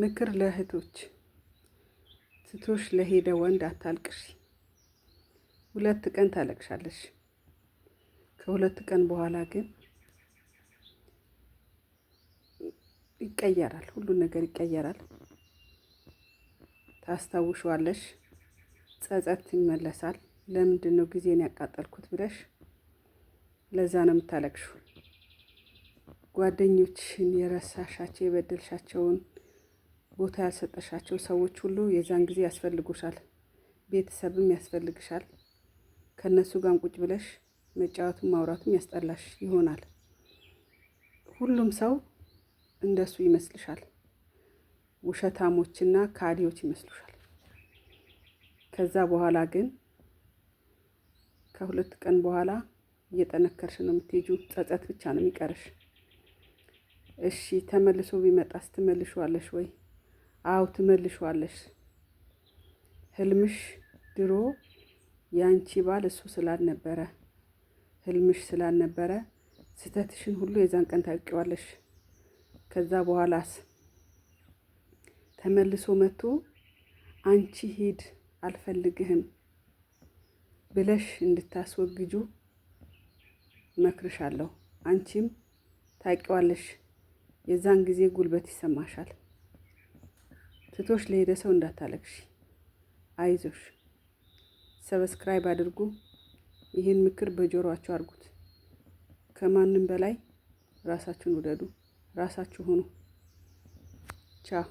ምክር ለእህቶች ትቶሽ ለሄደ ወንድ አታልቅሽ። ሁለት ቀን ታለቅሻለሽ። ከሁለት ቀን በኋላ ግን ይቀየራል፣ ሁሉን ነገር ይቀየራል። ታስታውሸዋለሽ፣ ጸጸት ይመለሳል። ለምንድን ነው ጊዜን ያቃጠልኩት ብለሽ ለዛ ነው የምታለቅሹ። ጓደኞችን የረሳሻቸው የበደልሻቸውን ቦታ ያልሰጠሻቸው ሰዎች ሁሉ የዛን ጊዜ ያስፈልጉሻል። ቤተሰብም ያስፈልግሻል። ከእነሱ ጋር ቁጭ ብለሽ መጫወቱም ማውራቱም ያስጠላሽ ይሆናል። ሁሉም ሰው እንደሱ ይመስልሻል። ውሸታሞችና ካዲዎች ይመስሉሻል። ከዛ በኋላ ግን ከሁለት ቀን በኋላ እየጠነከርሽ ነው የምትሄጁ። ጸጸት ብቻ ነው የሚቀርሽ። እሺ ተመልሶ ቢመጣስ ትመልሺዋለሽ ወይ? አው ትመልሺዋለሽ። ህልምሽ ድሮ ያንቺ ባል እሱ ስላልነበረ ህልምሽ ስላልነበረ ስህተትሽን ሁሉ የዛን ቀን ታውቂዋለሽ። ከዛ በኋላስ ተመልሶ መጥቶ አንቺ ሂድ አልፈልግህም ብለሽ እንድታስወግጁ መክርሻለሁ። አንቺም ታውቂዋለሽ። የዛን ጊዜ ጉልበት ይሰማሻል። ትቶሽ ለሄደ ሰው እንዳታለቅሽ፣ አይዞሽ። ሰብስክራይብ አድርጉ። ይህን ምክር በጆሮአችሁ አድርጉት። ከማንም በላይ ራሳችሁን ውደዱ፣ ራሳችሁ ሁኑ። ቻው